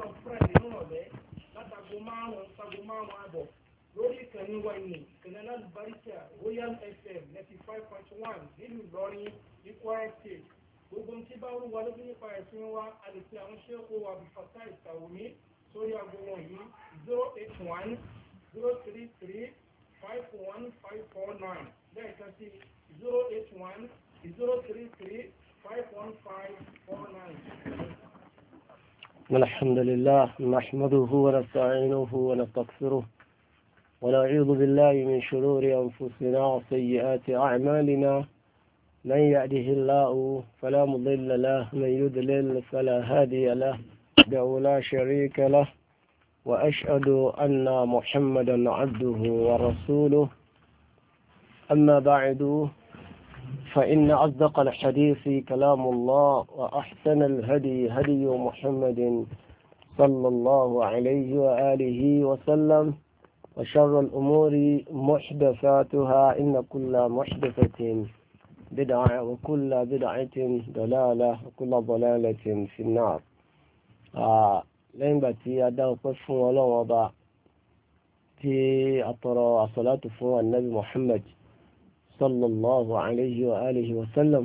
lọ́jọ́ friday nírọ̀lẹ́ látago márùn-ún sago márùn-ún àbọ̀ lórí ìkànnì wáyé kẹ̀nẹ́lá lùbáríkà royal fm ninety five point one nílùú ìlọrin ní kwara state gbogbo ní tí bá wù wá lójú nípa ẹ̀sìn wa a lè fi àwọn ṣẹ́kù abdulfata ìsàwòmí sórí aago wọ̀nyí zero eight one zero three three five one five four nine lẹ́ẹ̀kan sí zero eight one zero three three five one five four nine. الحمد لله نحمده ونستعينه ونستغفره ونعوذ بالله من شرور أنفسنا وسيئات أعمالنا من يهده الله فلا مضل له من يضلل فلا هادي له دعو لا شريك له وأشهد أن محمدا عبده ورسوله أما بعد فإن أصدق الحديث كلام الله وأحسن الهدي هدي محمد صلى الله عليه وآله وسلم وشر الأمور محدثاتها إن كل محدثة بدعة وكل بدعة ضلالة وكل ضلالة في النار آه لين باتي أدعو قف ولا وضع في أطرى الصلاة فوق النبي محمد صلى الله عليه وآله وسلم.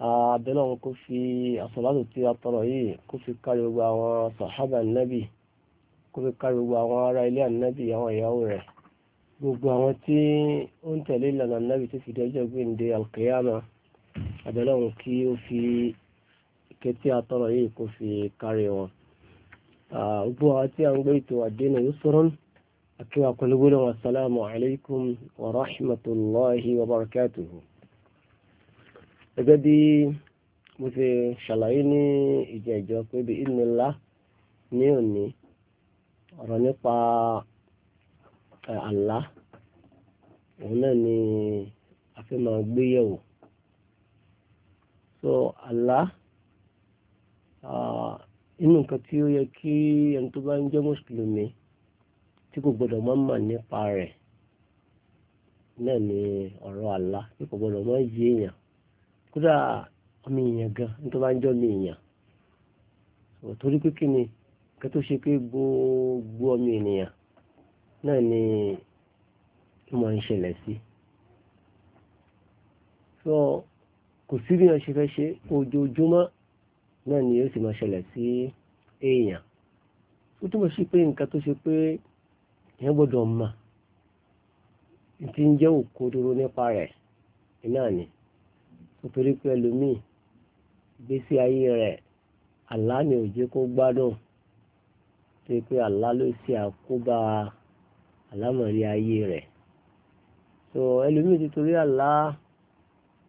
sallam àbẹ̀lẹ̀ wọn kò fi àsọ̀látò tí النبي tọrọ yìí kò النبي kárí gbogbo àwọn sàhábà nábì kò fi kárí gbogbo àwọn ará ilé ànábì àwọn ìyàwó rẹ̀ gbogbo àwọn tí ó ń tẹ̀lé ìlànà nábì tó fi dọ́jọ́ gbéǹde alkiyama àbẹ̀lẹ̀ kí ó fi kẹtí a yìí kò fi kárí wọn. gbogbo àwọn tí a ń gbé ètò àdéhùn yóò sọ̀rọ̀ أكيد أقول والسلام عليكم ورحمة الله وبركاته gẹ́gẹ́ bí mo ti ṣàlàyé ní ìjẹ́jọ́ pé bí ìnìlá ní òní ọ̀rọ̀ nípa àlá òun náà ni a fẹ́ máa gbé yẹ̀wò so àlá inú nǹkan tí ó yẹ kí ẹni tó bá ń jẹ́ mùsùlùmí tí kò gbọdọ̀ mọ́ mọ̀ nípa rẹ̀ náà ni ọ̀rọ̀ àlá tí kò gbọdọ̀ mọ́ yé èèyàn kódà ọmọ èèyàn gan ní tó bá ń jọ́ mi èèyàn torí pé kí ni kẹ́ tó ṣe pé gbogbo ọmọ ènìyàn náà ni mo ń ṣẹlẹ̀ sí so kò sí bí wọ́n ṣe fẹ́ ṣe ojoojúmọ́ náà ni yóò sì máa ṣẹlẹ̀ sí èèyàn ó túmọ̀ sí pé nǹkan tó ṣe pé èèyàn gbọ́dọ̀ mọ̀ tí ń jẹ́ òkodoro nípa rẹ̀ iná ni nítorí pé ẹlòmíì ìgbésí ayé rẹ̀ àlá ni ò jẹ́ kó gbádùn tó pé àlá ló ṣe àkóbá àlámọ̀rí ayé rẹ̀ so ẹlòmíì ti torí àlá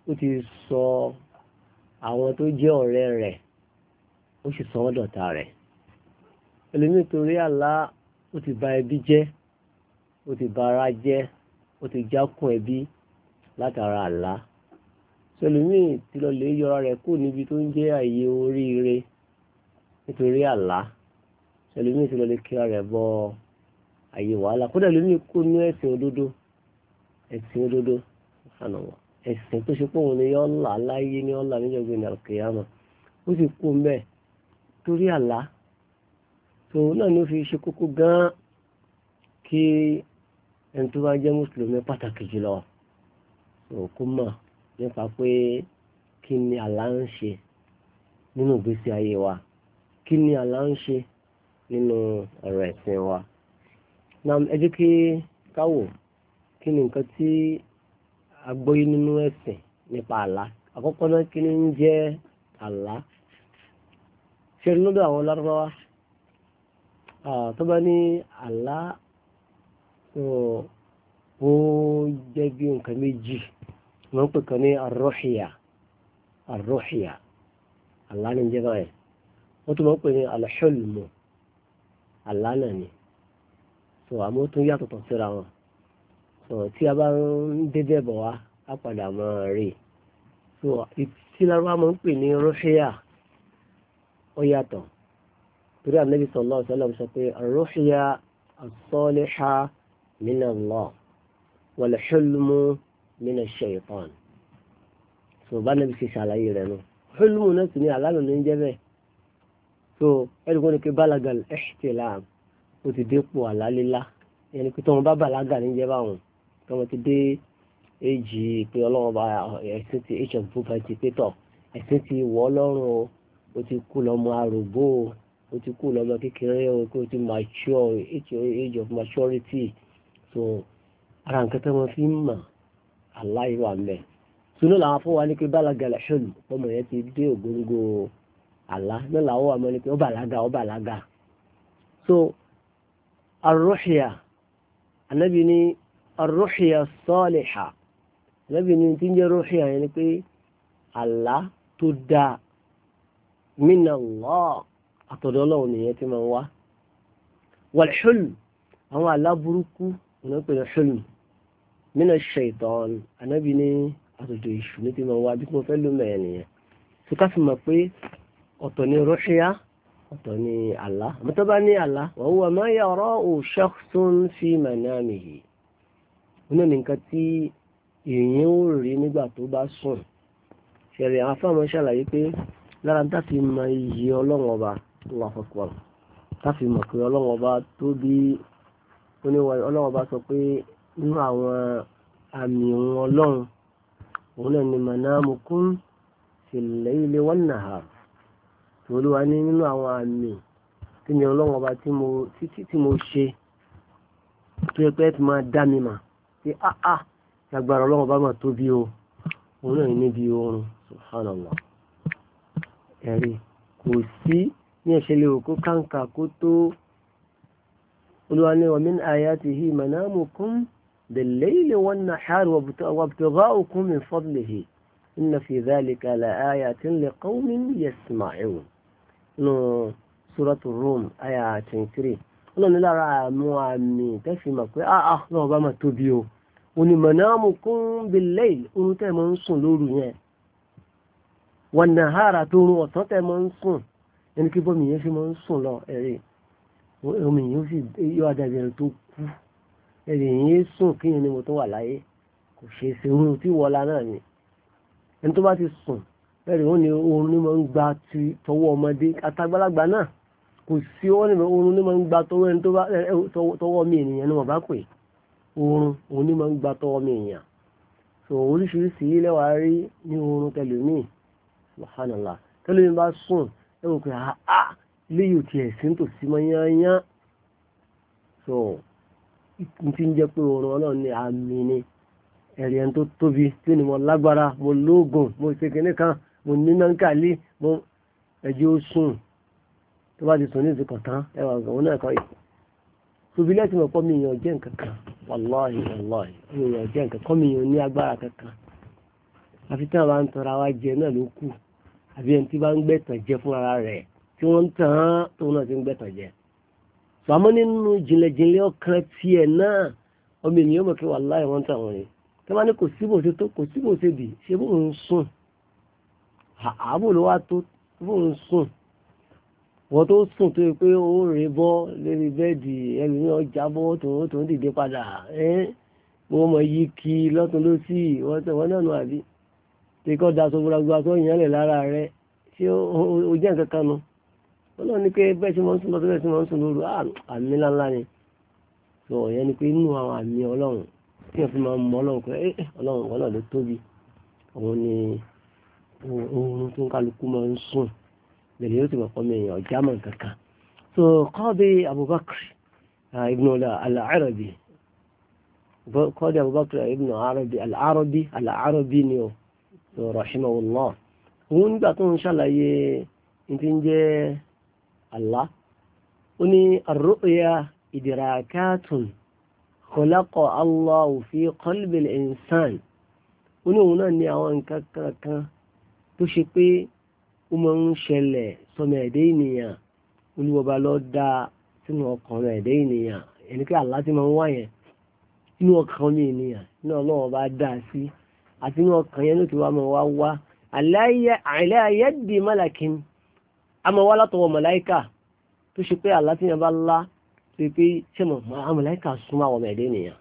ó ti sọ àwọn tó jẹ́ ọ̀rẹ́ rẹ̀ ó sì sọ wọ́n dọ̀tá rẹ̀ ẹlòmíì torí àlá ó ti bà ẹbí jẹ́ ó ti bara jẹ́ ó ti jákun ẹbí látara àlá sẹlẹ̀míì ti lọ lè yọra rẹ̀ kú níbi tó ń jẹ́ àyè oríire nítorí àlá sẹlẹ̀míì ti lọ lè kíra rẹ̀ bọ àyè wàhálà kódà lómi kú ní ẹ̀sìn òdodo ẹ̀sìn òdodo ànàwọ̀ ẹ̀sìn tó ṣe pé òun ni yọ́ là láyé ni yọ́ là níjọba ìnà kìyàmà ó sì kú mbẹ́ torí àlá tòun náà ni ó fi ṣe kókó gan kí ẹni tó bá jẹ́ mùsùlùmí pàtàkì jùlọ òkú mọ̀ nípa pé kí ni àlá ń ṣe nínú ìgbésí ayé wa kí ni àlá ń ṣe nínú ọ̀rọ̀ ẹ̀sìn wa. nam ẹ jẹ́ kí ká wò kí ni nǹkan tí a gbọ́yé nínú ẹ̀sìn nípa àlá àkọ́kọ́ náà kí ni ń jẹ́ àlá ṣe lọ́dọ̀ àwọn lárúbáwá tó bá ní àlá so ó jẹ́ bí nǹkan méjì wọ́n pè kan ní arọ́hìyà arọ́hìyà àlánà jẹ́ báyìí wọ́n tún máa pè ní alḥulmu àlánà ni so àmọ́ tún yàtọ̀ tọ̀ síra wọn so tí a bá ń dédé bọ̀ wá á padà máa rí so tí lárúbá máa pè ní rọ́ṣíà ó yàtọ̀ torí Ànábì sallallahu alaihi wasallam sọ pé rọ́ṣíà as من الله والحلم من الشيطان سبحان النبي صلى الله عليه وسلم حلم نسمي على ننجبه so ẹnìkan ni pé balagal ẹ̀ṣtìlám ó ti dépò àlálélá ẹni pé tọmọ bá balaga níjẹ báwọn tọmọ ti dé èjì pé ọlọ́run bá ẹ̀sìn ti age of puberty pé tọ̀ ẹ̀sìn ti wọ̀ ọlọ́run o ó ti kú lọ́mọ arúgbó o ó ti kú lọ́mọ kékeré o ó ti mature age of maturity so ara nǹkan tó wọn fi ń mà aláìwà mẹ́ sunu làwọn afọwà ní pé bálaga lẹ́sọ̀lù ọmọ yẹn ti dé ògóńgó àlá náà làwọn wà mọ́ ni pé ó bàlágà ó bàlágà so arúhìá anábì ní arúhìá sọ́ọ̀lìhà anábì ní tí ń jẹ́ rúhìá yẹn ni pé àlá tó dáa mina Allah àtọ̀dọ̀ ọlọ́run nìyẹn ti máa ń wá wàlẹ́sọ̀lù àwọn àlá burúkú wọn pè ní ṣùlù mínà ṣaitan anábì ní àtòjò ìṣù ní ti máa wá bí mo fẹ́ ló mẹ́ẹ̀ nìyẹn tó ká fi mọ̀ pé ọ̀tọ̀ ni rọ́ṣíà ọ̀tọ̀ ni àlá àmọ́tọ́ bá ní àlá wa huwa ma yara'u shakhsun fi manamihi nínú nìkan tí èèyàn ó rí nígbà tó bá sùn ṣẹlẹ̀ àwọn afáàmọ́ ṣàlàyé pé lára táfi mọ iye ọlọ́wọ́n ọba tó wà fọ́pọ̀ táfi mọ̀ pé ọlọ́wọ́n ọba tó bí oníwà ọlọ́run bá sọ pé nínú àwọn àmì òun ọlọ́run òun náà ni manamukum fil layli wan nahar olúwa ní nínú àwọn àmì tí mi ọlọ́run ọba tí mo ṣe tó yẹ pé ti máa dá mi mà pé áá ah, ah, lágbára ọlọ́run ọba mà tóbi o òun náà níbi oorun subhanallah ẹ̀rí kò sí ní ẹ̀ṣẹ̀ lè rò kó kàǹkà kó tó olúwa ní ọmọ ayatihi manamukum bil-layli wan-nahari wabtigha'ukum min fadlihi inna fi dhalika la-ayatin liqawmin yasma'un nù suratu Rum àyà tìǹkìrì ọlọ́ni lára àmú àmì tẹ́fì mọ̀ pé àà náà bá máa tóbi o òní manamukum bil-layli orun tẹ́ mọ́ ń sùn lóru yẹn wan-nahari tó orun ọ̀sán tẹ́ mọ́ ń sùn ẹni kí bọ́mì yẹn fi mọ́ ń sùn lọ ẹ̀rí omi yìí ó sì yọ adàbí ẹni tó kú ẹni yìí sùn kí ni mo tó wà láyé kò ṣe é ṣe tí wọlá náà ni ẹni tó bá ti sùn ẹni ó ní oorun ní máa ń gba ti tọwọ́ ọmọdé àtàgbàlagbà náà kò sí ọwọ́ níbẹ̀ oorun ní máa ń gba tọwọ́ ẹni tó bá tọwọ́ mi ènìyàn ni wọ́n bá pè oorun òun ní máa ń gba tọwọ́ mi ènìyàn so oríṣiríṣi ilẹ̀ wa rí ní oorun tẹlẹmí subhanallah tẹlẹmí bá sùn ẹ mọ̀ pé ah ah léyìí ò tiẹ̀ sí nítòsí mọ́ yányán so ti ń jẹ́ pé oorun ọlọ́run ní àmì ni ẹ̀rí ẹni tó tóbi tí ni mo lágbára mo lóògùn mo ṣe kan mo níná ń kàlí mo ẹ̀jẹ̀ ó sùn tó bá ti sùn ní ìsìnkàn tán ẹwà òun náà kọ́ yìí tóbi lẹ́sìn mọ̀ pọ́ mi yàn jẹ́ nǹkan kan wàláhì wàláhì mi yàn jẹ́ nǹkan kan mi ní agbára kankan àfi tí wọn bá ń tọrọ àwa jẹ náà ló kù àbí ẹni tí bá ń gbẹ̀tàn jẹ fún rẹ̀ tí wọ́n ń tàn án tóun náà ti ń gbẹ̀tàn jẹ sàmọ́ nínú jìnlẹ̀jìnlẹ̀ ọkàn tiẹ̀ náà ọmọ ènìyàn mọ̀ kí wà láì wọ́n tàn wọ́n yìí tí wọ́n ní kò síbò ṣe tó kò síbò ṣe bì ṣe bó ń sùn àbò ló wá tó bó ń sùn wọ́n tó sùn tó yẹ pé ó rè bọ́ lórí bẹ́ẹ̀dì ẹlòmí ọjà bọ́ tòun tòun dìde padà wọ́n mọ̀ yí kí lọ́tún ló sì wọ́n náà nù àbí tí kò da sọ gbọ́dọ̀ tó yẹn lẹ̀ lára rẹ̀ ṣé ó jẹ́ nǹkan kan nu ọlọ́run ní pé bẹ́ẹ̀ sí mọ́ ń sùn lọ́tọ́ bẹ́ẹ̀ sí mọ́ ń sùn lóru àmì ńláńlá ni sọ ìyẹn ni pé inú àwọn àmì ọlọ́run tí wọ́n fi máa ń mọ ọlọ́run pé eh, ọlọ́run ọlọ́run ló tóbi òun ni oorun tó ń kálukú máa ń sùn bẹ̀rẹ̀ yóò ti wọ̀ pọ́ mi èèyàn mọ̀ kankan so kọ́ọ̀bì Abubakar ibn al-Arabi kọ́ọ̀bì Abubakar ibn al-Arabi al-Arabi al-Arabi ni o rahimahullah òun nígbà tó ń ṣàlàyé ní ti ń jẹ́ Allah ó ní arru'ya idrakatun khalaqa Allahu fi qalbil insan ó ní òun náà ní àwọn nǹkan kankan tó ṣe pé ó máa ń ṣẹlẹ̀ sọmọ ẹ̀dẹ́ ènìyàn olúwọba lọ dá sínú ọkàn rẹ̀ ẹ̀dẹ́ ènìyàn ẹni pé Allah ti máa ń wá yẹn inú ọkàn mi ènìyàn inú ọlọ́wọ́ bá dá sí àti inú ọkàn yẹn ló ti wá máa wá wá aláyẹ̀dì mọ́làkín àmọ́ wá látọwọ́ màláíkà tó ṣe pé àlá tí yẹn bá lá tó ṣe pé ṣé mọ̀ àwọn màláíkà súnmọ́ àwọn ọmọ ẹ̀dẹ́ ènìyàn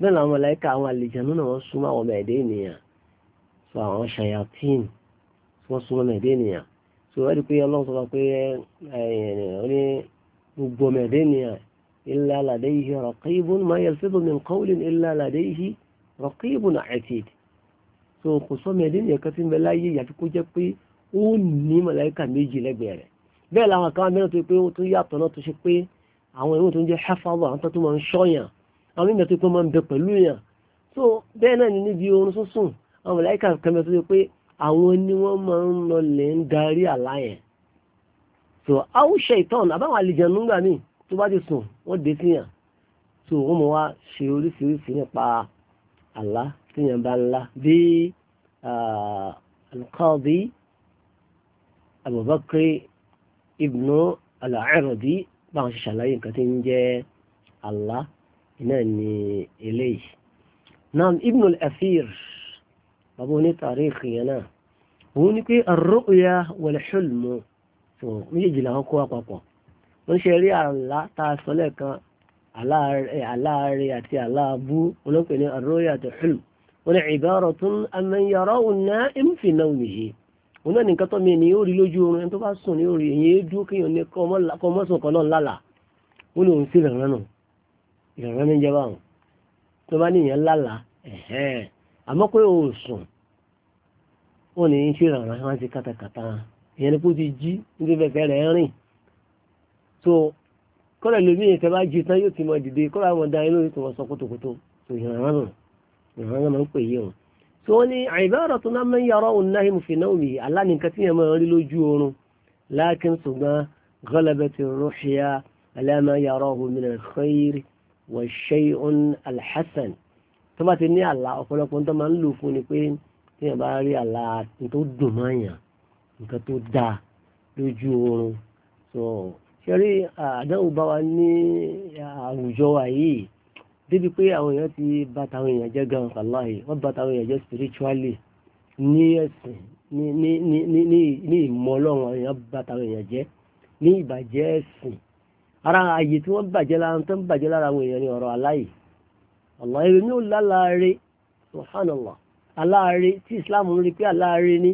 bẹ́ẹ̀ làwọn màláíkà àwọn àlùjànnú náà wọ́n súnmọ́ àwọn ọmọ ẹ̀dẹ́ ènìyàn sọ àwọn ṣayatín wọ́n súnmọ́ ọmọ ẹ̀dẹ́ ènìyàn sọ wọ́n rí pé ọlọ́run sọ pé ẹ̀ẹ́dẹ́ gbogbo ọmọ ẹ̀dẹ́ ènìyàn illa ladayhi raqibun ma yalfidu min qawlin illa ladayhi raqibun atid so kò sọ́mọ ẹ̀dẹ́ ènìyàn kan ń bẹ láyé yàtí kó jẹ́ pé ó ní màláíkà méjì lẹ́gbẹ̀ẹ́ rẹ̀ bẹ́ẹ̀ làwọn kan mẹ́rin tó pé ó tún yàtọ̀ náà tó ṣe pé àwọn ìwé tó ń jẹ́ hafaza àwọn tó tún máa ń ṣọ́yàn àwọn mímẹ́ tó pé máa ń bẹ pẹ̀lú yàn so bẹ́ẹ̀ náà ni níbi oorun sísùn àwọn màláíkà kan tó ṣe pé àwọn ni wọ́n máa ń lọlẹ̀ ń darí àlá yẹn so àwọn ṣaitan àbáwọn àlejò nígbà míì tó bá ti sùn wọ́n dé síyàn so wọ́n mọ̀ wá ṣe oríṣiríṣi nípa àlá tíyàn bá ńlá bí ah, alqadi abubakar ibnu al-Arabi báwọn ṣe ṣàlàyé nǹkan tí ń jẹ́ Allah iná ni eléyìí náà ibnu al-Athir bàbá oní tàríkì yẹn náà òun ni pé ar-ru'ya wal-hulm tó méjèèjì làwọn kó àpapọ̀ wọ́n ṣe rí àlá tá a sọ lẹ́ẹ̀kan aláàrẹ àti aláàbú olóńpẹ̀ ní ar-ru'ya àti hulm wọ́n ní ibaratun amman yara'u an-na'im fi nawmihi òun náà nìkan tó mi ni yóò rí lójú oorun ẹni tó bá sùn ní orí èyí dúró kéèyàn ní kọmọsùn kan náà lálà wọn lòun sí ìrànlọ́nà ìrànlọ́nà níjẹba àwọn tó bá níyàn lálà ẹ̀hẹ́n àmọ́ pé o sùn wọn ní í ṣe ìrànlọ́nà wọn ti kàtàkàtà ìyẹn ni kó ti jí níbi bẹ̀bẹ̀ rẹ̀ rìn so kọ́lẹ̀ lómi yẹn tẹ́ bá jí tán yóò ti mọ dìde kọ́lẹ̀ àwọn ọ̀dà yẹn lórí tó wọ́n sọ kótókótó so ń tí wọ́n ní àìbára tó náà mẹ́yà ọ̀rọ̀ òun náà mú fi náà mi aláníkan tí yẹn máa rí lójú oorun láàkín ṣùgbọ́n gọ́lẹ̀bẹ̀tì rúṣìá aláàmẹ́yà ọ̀rọ̀ òun mi nàìjíríà wà ṣẹ́yìn alhassan tó bá ti ní àlá ọ̀pọ̀lọpọ̀ tó máa ń lò fún ni pé tí yẹn bá rí àlá tó dùn mọ́ yàn nǹkan tó dáa lójú oorun so ṣe rí àdáwò bá wa ní àwùjọ wa yìí débi pé àwọn èèyàn ti bà tàwọn èèyàn jẹ́ gan wàláhì wọ́n bà tàwọn èèyàn jẹ́ spiritually ní ẹ̀sìn ní ìmọ̀ ọlọ́run àwọn èèyàn bà tàwọn èèyàn jẹ́ ní ìbàjẹ́ ẹ̀sìn ara ààyè tí wọ́n bàjẹ́ lára tó ń bàjẹ́ lára àwọn èèyàn ní ọ̀rọ̀ aláì ọ̀lọ́ èrè ní òlá láàárẹ̀ subhanallah aláàárẹ̀ tí islam ń rí pé aláàárẹ̀ ní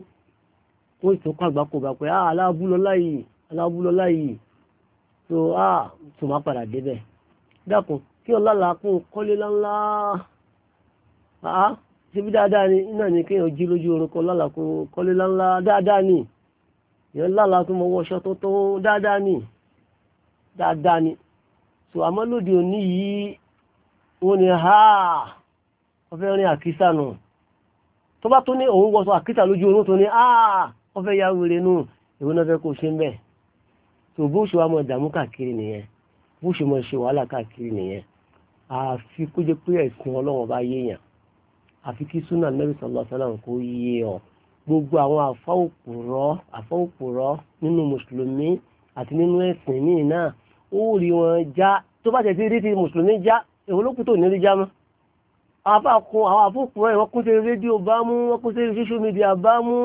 wọ́n tó kọ́ àgbákòbá pé ah aláàbúlọ́lá yìí aláàbúlọ́lá yìí tó ah tó má padà débẹ̀ dákun kí ọlá làákún kọ́lé láńlá àá síbi dáadáa ni náà ni kéèyàn jí lójú oorun kọ́ lálàkún kọ́lé dáadáa ni èèyàn lálàkún mọ wọṣọ tó tó dáadáa ni dáadáa ni so àmọ́ lóde òní yìí wọ́n ní ha wọ́n rin àkísà nù tó bá tó ní òun wọṣọ àkísà lójú oorun tó ní ah ya wèrè nù ìwé náà fẹ́ kó ṣe ń so bó ṣe wà mọ̀ káàkiri nìyẹn bó ṣe mọ̀ ṣe wàhálà káàkiri àfi kó jẹ́ pé ẹ̀sìn ọlọ́run bá yéèyàn àfi kí súnà nàbì sallallahu alaihi wasallam kó yé ọ gbogbo àwọn àfọwòpùrọ́ àfọwòpùrọ́ nínú mùsùlùmí àti nínú ẹ̀sìn míì náà ó rí wọn já tó bá tẹ̀sí rí ti mùsùlùmí já èwo ló kù tó ní rí já mọ́ àwọn àfọwòpùrọ́ yẹn wọ́n kún sí rédíò bá mú wọ́n kún sí social media bá mú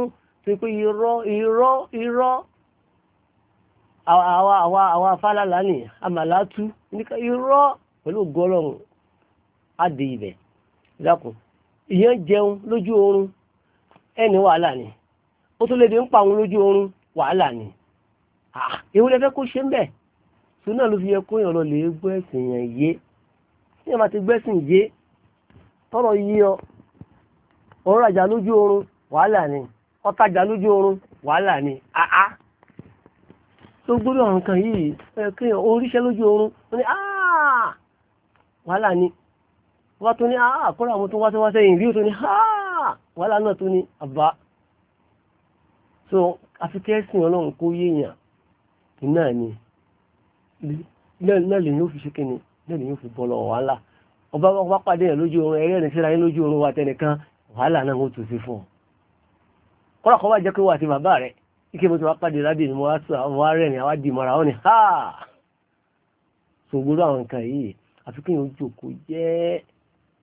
ṣe pé irọ́ irọ́ irọ́ àwa àwa àwa afálàlá ni àmàlà tú irọ́ pẹ̀lú gọ́lọ́run á di ibẹ̀ dákun ìyẹn jẹun lójú oorun ẹni wàhálà ni ó tó lébi ń pa òun lójú oorun wàhálà ni èwo ah, lẹ fẹ́ kó ṣe ń bẹ̀ tó náà ló fi yẹ kó yàn lọ lè gbọ́ ẹ̀sìn yẹn yé tí yẹn ti gbẹ́sìn yé tọ́rọ̀ yí ọ ọ̀rọ̀ àjà lójú oorun wàhálà ni ọ̀tajà lójú oorun wàhálà ni àá ah, ah. tó gbọ́dọ̀ nǹkan yìí ẹ̀ kéèyàn oríṣẹ́ lójú oorun ó ní áá wàhálà ni wọ́n tún ní àkọ́rọ̀ àwọn tó wá síwá sẹ́yìn rí tó ní ah! wàhálà náà tún ní àbá so afikẹ́sìn ọlọ́run kó yéèyàn náà ni náà lè ní ó fi ṣe ni náà lè ní ó fi bọ́ lọ wàhálà ọba wá pàdé yẹn lójú oorun ẹ̀rẹ́ ìrìnsíra yín lójú oorun wa tẹnìkan wàhálà náà ó tún sí fún ọ kọ́rọ̀ kọ́ wá jẹ́ pé wà sí bàbá rẹ̀ ike mo ti wá pàdé lábẹ́ mi mo rẹ̀ ni àwa dì mọ́ra ó ní ha ṣògbóró àwọn nǹkan yìí àfi kí èèyàn jòkó jẹ́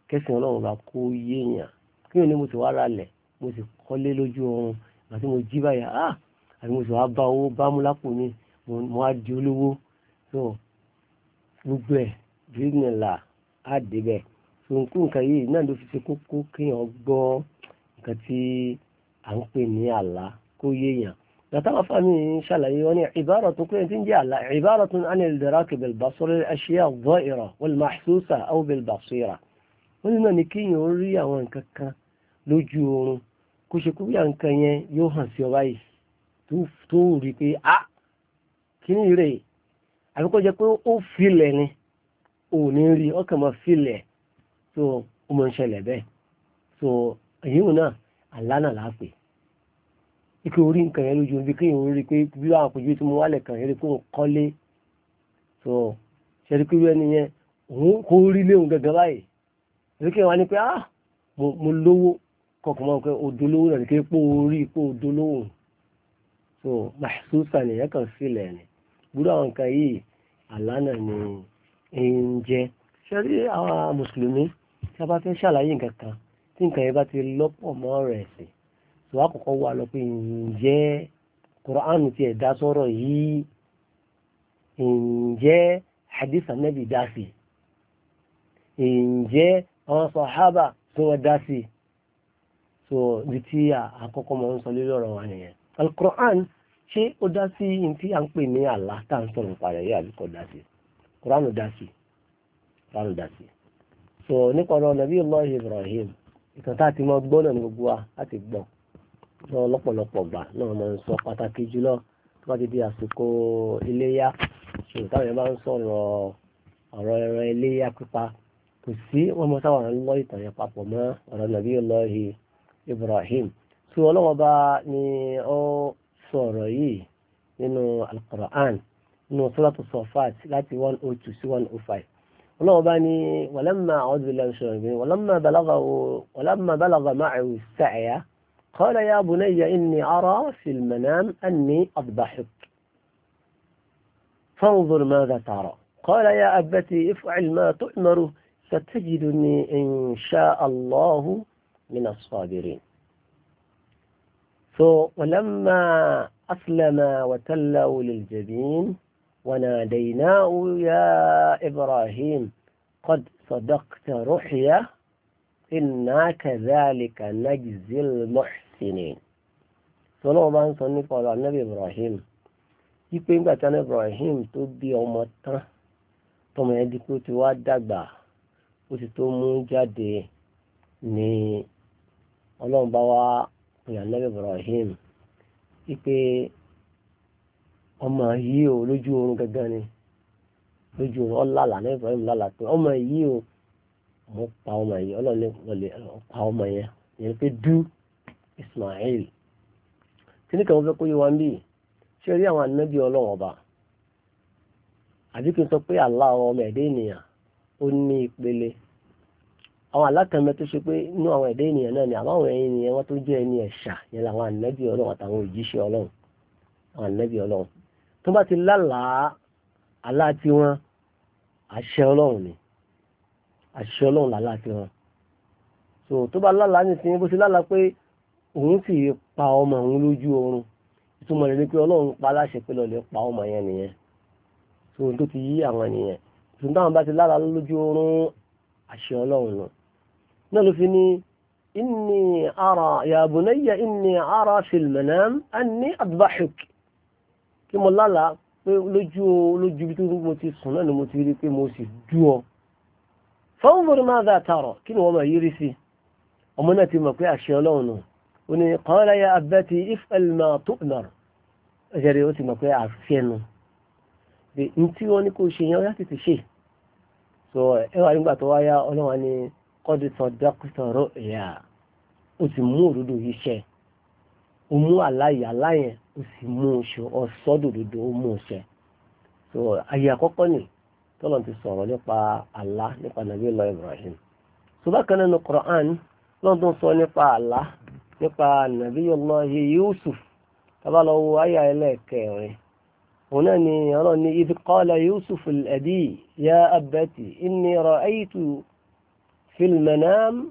kẹsàn-án ọlọ́run bá kó yéèyàn kí èèyàn ní mo sì wá ra lẹ̀ mo sì kọ́lé lójú oorun ìgbà mo jí báyà á ah! àti mo sì wá bá owó bá mú lápò mi mo á di olówó so gbogbo ẹ̀ bírígìnì là á débẹ̀ so nǹkan nǹkan yìí náà ló fi ṣe kókó kéèyàn gbọ́ nǹkan tí à ń pè ní àlá kó yéèyàn لترى فأمي إن شاء الله يعني عبارة كلها تنجي عبارة عن الدراك بالبصر الأشياء الظائرة والمحسوسة أو بالبصيرة ولما نكين يوري أوان ككا لجور كشكو ينكين يوهان سيوباي تفتوري بي أ كني ري àbí kó jẹ pé ó filẹ̀ أو ò ní rí ọkàn máa filẹ̀ tó ó máa ń ṣẹlẹ̀ bẹ́ẹ̀ so èyí ike orí nǹkan yẹn lójú ibi kéèyàn orí pé bí àwọn àpèjúwe tí mo wá lẹ̀ kàn yẹn rí pé òun kọ́lé tó ṣẹ́rí pé wẹ́n nìyẹn òun kò rí léhùn gẹ́gẹ́ báyìí èyí kéèyàn wá ní pé ah mo lówó kọkàn mọ́ pé odò lówó náà nìkan pé orí pé odò lówó tó màṣúṣà nìyẹn kàn sílẹ̀ ni gbúdọ̀ àwọn nǹkan yìí àlánà ni ń jẹ́ ṣẹ́rí àwọn mùsùlùmí tí a bá fẹ́ ṣàlàyé nǹkan kan tí nǹkan yẹn bá ti lọ́pọ̀ mọ́ ọ̀rọ̀ ẹ̀sìn tó àkọ́kọ́ wà lọ pé ǹjẹ́ Qur'an ti ẹ̀ dá sọ́rọ̀ yìí ǹjẹ́ hadith anabi dá sí ǹjẹ́ àwọn sàhábà tí wọ́n dá sí so bí tí àkọ́kọ́ mọ̀ ń sọ lórí ọ̀rọ̀ wa nìyẹn al-Qur'an ṣé ó dá sí yìí tí à ń pè ní àlá ń sọ̀rọ̀ parẹ̀ yìí àbíkọ́ dá sí Qur'an dá sí Qur'an dá sí so nípa ọ̀rọ̀ nàbí Allah Ibrahim ìtàn tá a ti mọ gbọ́ ní gbogbo wa láti gbọ́n tí wọ́n lọ́pọ̀lọpọ̀ gbà náà máa ń sọ pàtàkì jùlọ tó bá ti di àsìkò iléyá ṣòro táwọn yẹn bá ń sọ̀rọ̀ ọ̀rọ̀ ẹran iléyá pípa kò sí wọ́n mọ sáwọn ọ̀rọ̀ lọ́ ìtàn yẹn papọ̀ mọ́ ọ̀rọ̀ nàbí ọlọ́hi Ibrahim tí ọlọ́wọ́ bá ní ó sọ̀rọ̀ yìí nínú Al-Qur'an nínú Suratu Safat láti one oh two sí one oh five ọlọ́wọ́ bá ní walamma a'udhu billahi minash shaitanir قال يا بني إني أرى في المنام أني أذبحك فانظر ماذا ترى قال يا أبتي افعل ما تؤمر ستجدني إن شاء الله من الصابرين ولما أسلم وتلوا للجبين وناديناه يا إبراهيم قد صدقت رحية إنا كذلك نجزي المحسن sinin sọlọ́ wọn bá ń sọ nípa ọ̀rọ̀ anábì Ibrahim wípé ńgbà tí anábì Ibrahim tó bí ọmọ tán tọmọ yẹn di pé ó ti wá dàgbà ó ti tó mú jáde ní ọlọ́run bá wá pè anábì Ibrahim wípé ọmọ yìí o lójú oorun gangan ni lójú oorun ọlàlà anábì Ibrahim lálà pé ọmọ yìí o mo pa ọmọ yìí ọlọ́run lè pa ọmọ yẹn yẹn pé dú. Ismail kí ni kàn fẹ́ kó yé wa ń bì ṣé rí àwọn anábì ọlọ́wọ́n ọba àbí kí n sọ pé Allah ọmọ ẹ̀dẹ́ ènìyàn ó ní ìpele àwọn alákànmẹ́ tó ṣe pé inú àwọn ẹ̀dẹ́ ènìyàn náà ni àbáwọn ẹ̀yìn ènìyàn wọn tó jẹ́ ẹni ẹ̀ṣà yẹn làwọn anábì ọlọ́run àtàwọn òjíṣẹ́ ọlọ́run àwọn anábì ọlọ́run tó bá ti lálàá àlá tiwọn àṣẹ ọlọ́run ni àṣẹ ọlọ́run làlá òun sì pa ọmọ òun lójú oorun ìtumọ̀ rẹ̀ ni pé ọlọ́run pa aláṣẹ pé lọ́lẹ̀ pa ọmọ yẹn nìyẹn tó tó ti yí àwọn nìyẹn tòun táwọn bá ti lára lójú oorun àṣẹ ọlọ́run nù náà ló fi ní inni ara ya bunayya inni ara fil manam anni adbahuk kí mo lálàá pé lójú lójú bí tó mo ti sùn náà ni mo ti rí pé mo sì dú ọ fanzur madha tara kí ni wọ́n máa yírí sí ọmọ náà ti mọ̀ pé àṣẹ ọlọ́run nù وني قال يا أبتي افعل ما تؤمر أجري أوتي ما كوي عفينه ntí nti won kò se yẹn ọyá tètè se. so ẹ wà nígbà tó wáyá ọlọ́wọ́n ni kọ́dí ti mu òdodo yìí ṣẹ ó mú o aláyẹn ó sì O si ọ̀sọ́dòdodo ó mú ṣẹ so ayé àkọ́kọ́ nì tọ́lọ̀ ti sọ̀rọ̀ nípa àlá nípa nàbí lọ Ibrahim so bákan Quran sọ nípa àlá يقع نبي الله يوسف طبعا قالوا أي يعني هنا يراني إذ قال يوسف الأدي يا أبتي إني رأيت في المنام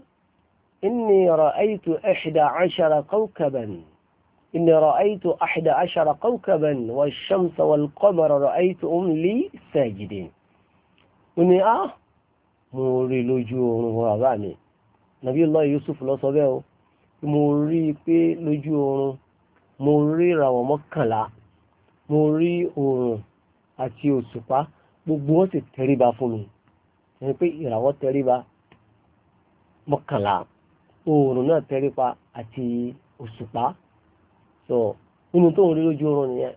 إني رأيت أحد عشر كوكبا إني رأيت أحد عشر كوكبا والشمس والقمر رأيتهم لي ساجدين وني أه موري لجون وغامي نبي الله يوسف لو صبيه mo rí i pé lójú oorun mo rí ìràwọ̀ mọ́kànlá mo rí oòrùn àti òṣùpá gbogbo wọn sì tẹríba fún mi ẹni pé ìràwọ̀ tẹríba mọ́kànlá oòrùn náà tẹríba àti òṣùpá so nínú tó ń rí lójú oorun nìyẹn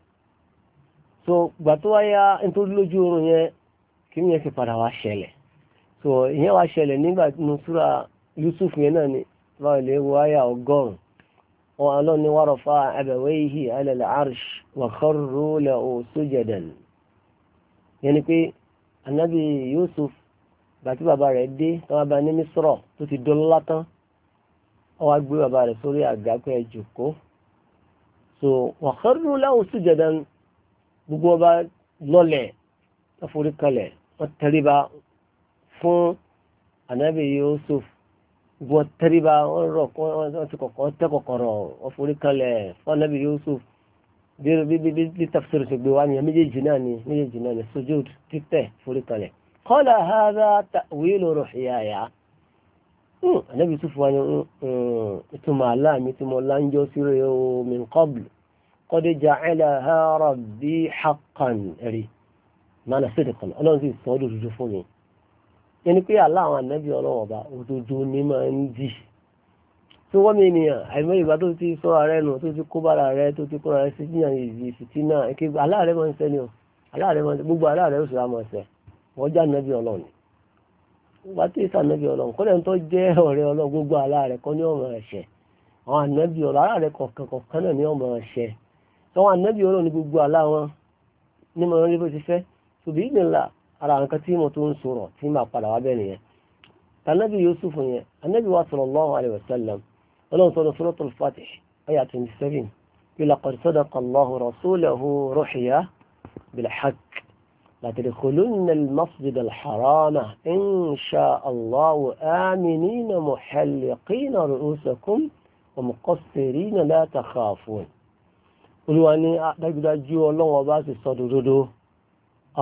so gbà tó wáyá nítorí lójú oorun yẹn kí ni yẹn sì padà wá ṣẹlẹ̀ so ìyẹn wá ṣẹlẹ̀ nígbà nínú súra Yusuf yẹn náà ni báwo lè wo àyà ọgọ́rùn wọn alọ́ni wa rafa'a abawayhi ala al-arsh wa kharru lahu sujadan yẹn ni pé anabi Yusuf bàtí bàbá rẹ̀ dé tọ́wọ́ bá ní mísírọ̀ tó ti dọ́lọ́lá tán ó wá gbé bàbá rẹ̀ sórí àga pé so wa kharru lahu sujadan gbogbo ọba lọ́lẹ̀ ọforí kalẹ̀ wọ́n tẹríba fún anabi Yusuf wọ́n tẹ́ríba wọ́n ti kọ̀kọ́ tẹ́ kọ̀kọ̀rọ̀ ọ̀forí kalẹ̀ fọ́nẹ́bí Yusuf bí bí tafsir ṣe gbé wá ní méjèèjì náà ni méjèèjì náà ni sujud títẹ̀ forí kalẹ̀ qala hadha ta'wilu ruhyaya hmm, ànábì Yusuf wa ni hmm, hmm, ìtumọ̀ aláàmì ìtumọ̀ láńjọ́ sí rẹ̀ o min qabl qad ja'alaha rabbi haqqan rí mana sidqan ọlọ́run sì sọ ọ́ fún mi yẹn ni pé àlá àwọn ànábì ọlọ́wọ̀n ọba òdodo ní máa ń dì tí wọ́n mi ènìyàn àìmọ́ ìgbà tó ti sọ ààrẹ nù tó ti kó bára rẹ tó ti kóra rẹ sí jìyàn ìzì fìtínà èké àlá rẹ máa ń sẹ́ni o àlá rẹ máa ń sẹ́ gbogbo àlá rẹ oṣù àmọ̀ ọ̀sẹ̀ wọ́n já ànábì ọlọ́run wọ́n ti sà ànábì ọlọ́run kọ́lẹ̀ ń tọ́ jẹ́ ọ̀rẹ́ ọlọ́run gbogbo àlá rẹ ní ọmọ ẹ̀ṣẹ̀ àwọn ànábì ọlọ́run àlá kọ̀ọ̀kan náà ní ọmọ ẹ̀ṣẹ̀ àwọn ànábì ọlọ́run ní gbogbo àlá ní ara nǹkan tí mo tó ń sọ̀rọ̀ tí màá padà wá bẹ́ẹ̀ nìyẹn tànàbí yusuf yẹn anábì wa sallallahu alayhi wa sallam ọlọ́run sọ̀rọ̀ suratul fatih ayah twenty seven laqad sadaqa allahu rasulahu ruhiya bilhaq لتدخلن المسجد الحرام إن شاء الله آمنين محلقين رؤوسكم ومقصرين لا تخافون قلوا أني أعتقد أجيو الله وباس الصدودو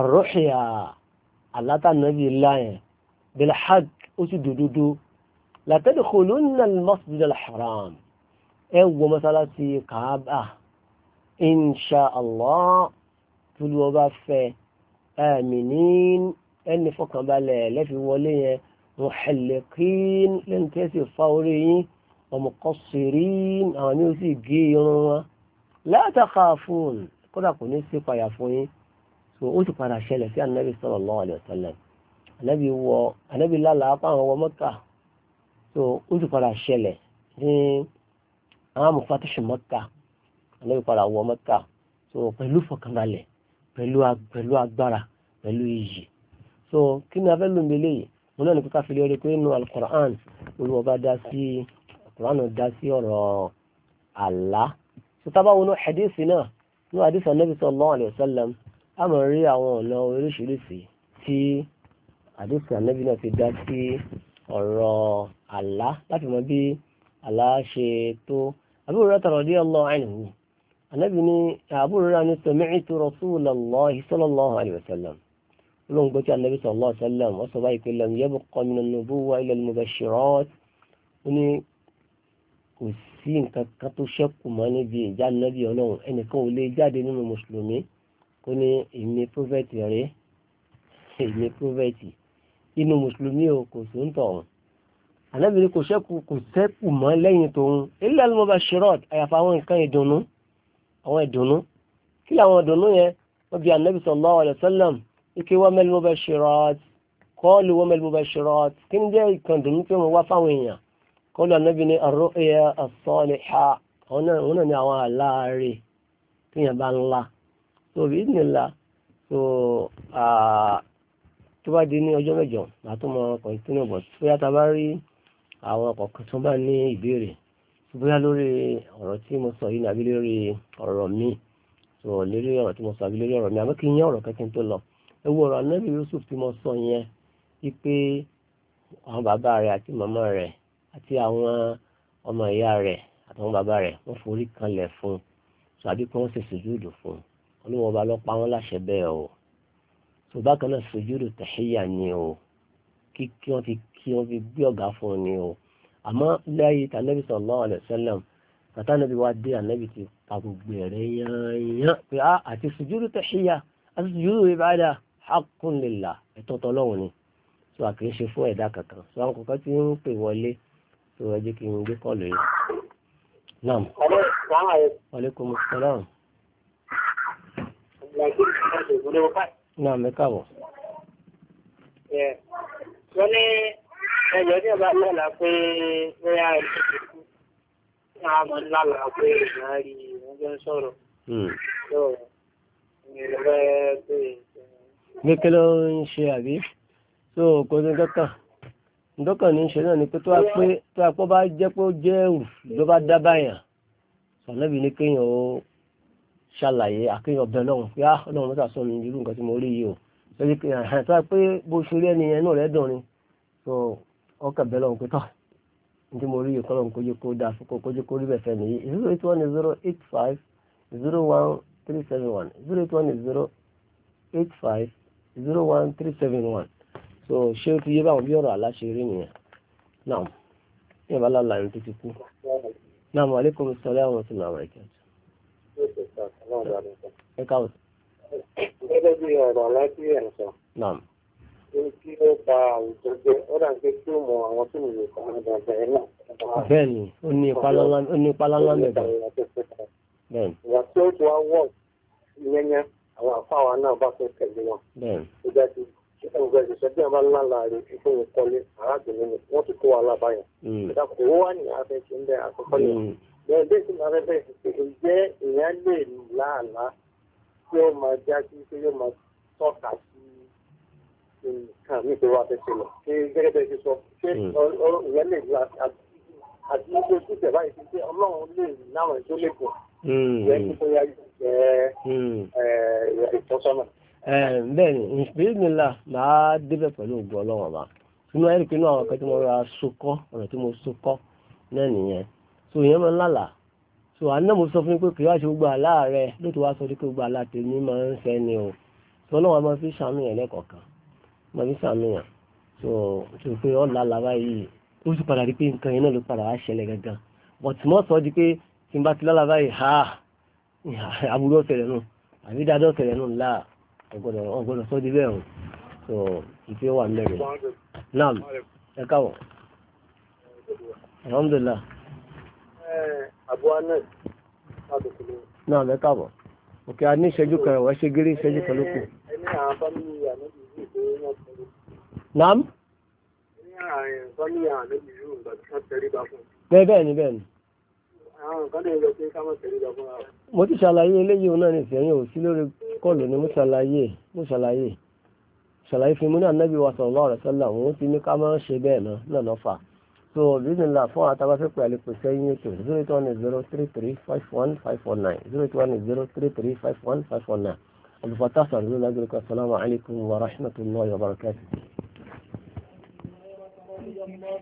الرحية alátànàbí láyẹn bilhag ó sì dòdòdó latadkhulunna al-masjid al-haram ẹ wọ mọ́sálásí kàábà insha allah tulu ọba fẹ́ aminin ẹni fọkànbalẹ̀ lẹ́fi wọlé yẹn muhalliqin lẹ́ntẹ́sì fáwọrí yín ọmọkọ́sìrín àwọn ní ó sì gé irun wọn la takhafun kódà kò ní sí payà fún yín so ó sì padà ṣẹlẹ̀ sí anabi sallallahu alaihi wasallam anabi wọ anabi lálàá fáwọn ọmọ mọ́kà so ó sì padà ṣẹlẹ̀ ní àwọn mufatishu mọ́kà anabi padà wọ mọ́kà so pẹ̀lú fọkànbalẹ̀ pẹ̀lú pẹ̀lú agbára pẹ̀lú iyì so kí ni afẹ́ lóun lélẹ̀ yìí mo náà ní kíkà fi lérí pé inú alukur'an olùwọ́ bá dá sí alukur'an dá sí ọ̀rọ̀ àlá so tábà wọnú hadisi náà ní hadisi anabi sallallahu alaihi a mọ̀ rí àwọn ọ̀nà oríṣiríṣi tí àdéhùn ànábì náà fi dá sí ọ̀rọ̀ àlá láti mọ bí àlá ṣe tó Abu Hurairah radiyallahu anhu ànábì ní Abu Hurairah ní sami'tu rasulallahi sallallahu alayhi wa sallam olóhùn gbọ́tí ànábì sallallahu alayhi wa sallam wọ́n sọ báyìí pé lam yabqa min an-nubuwwa illa al-mubashirat ó ní kò sí nǹkan kan tó ṣẹ́kù mọ́ níbi ìjà ànábì ọlọ́run ẹnìkan ò lè jáde nínú mùsùlùmí ó ní èmi prophet rèé èmi prophet inú mùsùlùmí o kò sí ń tọ̀hún anábìrin kò ṣẹ́kù kò ṣẹ́kù mọ́ lẹ́yìn tòun ilé alùmọ́ba shirod àyàfà àwọn nǹkan ìdùnnú àwọn ìdùnnú kí làwọn ìdùnnú yẹn wọ́n bí anábì sallallahu alaihi wasallam ike wọ́n mẹ́lì mọ́ba shirod kọ́ọ̀lù wọ́n mẹ́lì mọ́ba shirod kí ni jẹ́ ìkan ìdùnnú tí wọ́n wá fáwọn èèyàn kọ́ọ̀lù anábì ní arru'ya as-saliha àwọn náà ni àwọn aláàárẹ̀ tíyẹn bá ńlá so bí nìlá so tó bá di ní ọjọ́ mẹ́jọ àtúmọ̀ kọ̀ǹtínú bọ̀ bóyá ta bá rí àwọn kọ̀ọ̀kan tó bá ní ìbéèrè bóyá lórí ọ̀rọ̀ tí mo sọ yìí nàbí lórí ọ̀rọ̀ mi so lórí ọ̀rọ̀ tí mo sọ àbí lórí ọ̀rọ̀ mi àmọ́ kí n yẹ ọ̀rọ̀ kankan tó lọ ẹ wo ọ̀rọ̀ anábì Yusuf tí mo sọ yẹn wípé àwọn bàbá rẹ̀ àti màmá rẹ̀ àti àwọn ọmọ ìyá rẹ̀ àtàwọn bàbá rẹ̀ wọ́n forí kanlẹ̀ fún un so àbí pé wọ́n ṣe sùjúdù fún un olúwọ́n ọba ló pa wọ́n láṣẹ bẹ́ẹ̀ o tó bákan náà sojúdù tẹ̀híyà ni o kí kí wọ́n fi kí wọ́n fi gbé ọ̀gá fún un ni o àmọ́ láyé tànẹ́bí sallallahu alaihi wasallam tàtà nàbí wá dé ànẹ́bí ti ta gbogbo ẹ̀rẹ́ yányán pé á àti sojúdù tẹ̀híyà àti sojúdù ìbádà haqqun lillah ẹ̀tọ́ tọ́lọ́hùn ni tó a kìí ṣe fún ẹ̀dá kankan tó àwọn kankan tí ń pè wọlé tó ẹ jẹ́ kí n gbé kọ́ọ̀lù yìí. naam. aleykum salaam náà mi káàbọ̀. wọ́n ní ẹjọ́ tí ọba lọ́la pé bóyá ẹ̀ṣẹ̀ tó kú náà mọ̀ lálàá pé ìyá rí wọ́n jọ ń sọ̀rọ̀. Hmm. ní kí ló ń ṣe àbí tó kò ní dọ́kàn dọ́kàn ní ṣe náà ni pé tó wá pé bá jẹ́ pé ó jẹ́ òrù ló bá dá báyà sọ̀nàbì ní kéèyàn ó ṣàlàyé àkéyọ̀ bẹ́ẹ̀ lọ́hùn pé ah ọlọ́run mọ́tà sọ mi irú nǹkan tí mo rí yìí o lórí pé pé bó ṣe rí ẹni yẹn rẹ̀ dùn ni So, ọkàn bẹ́ẹ̀ lọ́hùn pé tọ́ ní mo rí yìí kọ́lọ́hùn kójú kó dáa fún kójú kó rí bẹ́ẹ̀ fẹ́ mi yìí zero eight one zero eight five zero one three seven one zero eight one zero eight five zero one three seven one so ṣé o ti yé báwọn bí ọ̀rọ̀ aláṣẹ rí nìyẹn náà yẹn bá lálàá ní títí kú náà maaleykum salaam wa rahmatulahi wa barakatuh ẹ káwọ́. gẹ́gẹ́ bí ọ̀rọ̀ aláàbí ẹ̀ ń sọ. kí ó ba àwùjọ jẹ́ ó dà pé kí ó mọ àwọn tó lè kọ́ ọ̀dà bẹ̀rẹ̀ náà. bẹ́ẹ̀ni ó ní ipa lánlá mẹ́ta. bẹ́ẹ̀ni. ìgbà tí ó tún wá wọ̀ yẹnyẹn àwọn àfáwà náà bá fẹ́ tẹ̀lé wọn. bẹ́ẹ̀ni. ó jẹ́ ti ọgbẹ ìṣẹjú ẹ bá ńlá ikú ìkọlé arábìnrin wọn ti kó wa lábàáyàn. Mm. ìdàkùn owó wà ní afẹ́ ṣe ń bẹ àkọ́kọ́ yẹn bẹ́ẹ̀ bẹ́ẹ̀ sì máa fẹ́ bẹ́ẹ̀ sì pé ǹjẹ́ èèyàn lè láàlá tí ó máa já sí pé yóò máa tọ́ka sí nǹkan mi tó wá fẹ́ ṣe lọ ṣé gẹ́gẹ́ bẹ́ẹ̀ ṣe sọ ṣé èèyàn hmm. lè la àti ní ojú tẹ̀ báyìí ti pé ọlọ́run lè láwọn èso lè pọ̀ hmm. ìyẹn tó yá jẹ́ hmm. eh, ìtọ́sọ́nà. Eh, bẹ́ẹ̀ni bismillah máa débẹ̀ pẹ̀lú ògùn ọlọ́run ọba sínú ẹ̀rí àwọn akẹ́kọ̀ọ́ tí mo ra sokọ́ náà nìyẹn so èèyàn máa ń lálà so àná mo sọ fún yín pé kì í wá ṣe gbogbo àlá rẹ ló ti wá sọ pé gbogbo àlá tèmi máa ń fẹ́ ni o so ọlọ́wọ́n máa fi ṣàmìyàn lẹ́kọ̀ọ̀kan máa fi ṣàmìyàn so tó pé ọ̀ lálà báyìí ó sì padà rí pé nǹkan yẹn náà ló padà wá ṣẹlẹ̀ gangan but mọ́ sọ di pé tí n bá ti lálà báyìí ha àbúrò ọ̀sẹ̀lẹ̀ nù àbí dáadọ́ ọ̀sẹ̀lẹ̀ nù ńlá ọ̀gbọ́dọ̀ sọ di bẹ́ẹ̀ o so ìfẹ́ wà ń bẹ̀rẹ̀ náà ẹ káwọ̀ alhamdulillah àbúrò anáà náà lẹ káàbọ̀ òkè a ní ìṣẹ́jú kan ẹ̀wọ̀ ṣe gírí ìṣẹ́jú kan ló kù. nam. bẹ́ẹ̀ bẹ́ẹ̀ ni bẹ́ẹ̀ ni. mo ti ṣàlàyé eléyìí òun náà ní ìfẹ̀yìn ò sí lórí kọ́ọ̀lù ni mo ṣàlàyé mo ṣàlàyé ṣàlàyé fún mi ní ànábì wa sallallahu alaihi wasallam òun ti ní ká máa ń ṣe bẹ́ẹ̀ náà náà lọ́fà so bisimilah fún àtàwọn pẹ̀lú pèsè yín ètò zero eight one zero three three five one five four nine zero eight one zero three three five one five four nine abdulfatah sọ̀rọ̀ lórí lágbèrè kan salamu alaykum wa rahmatulahi wa barakatuh.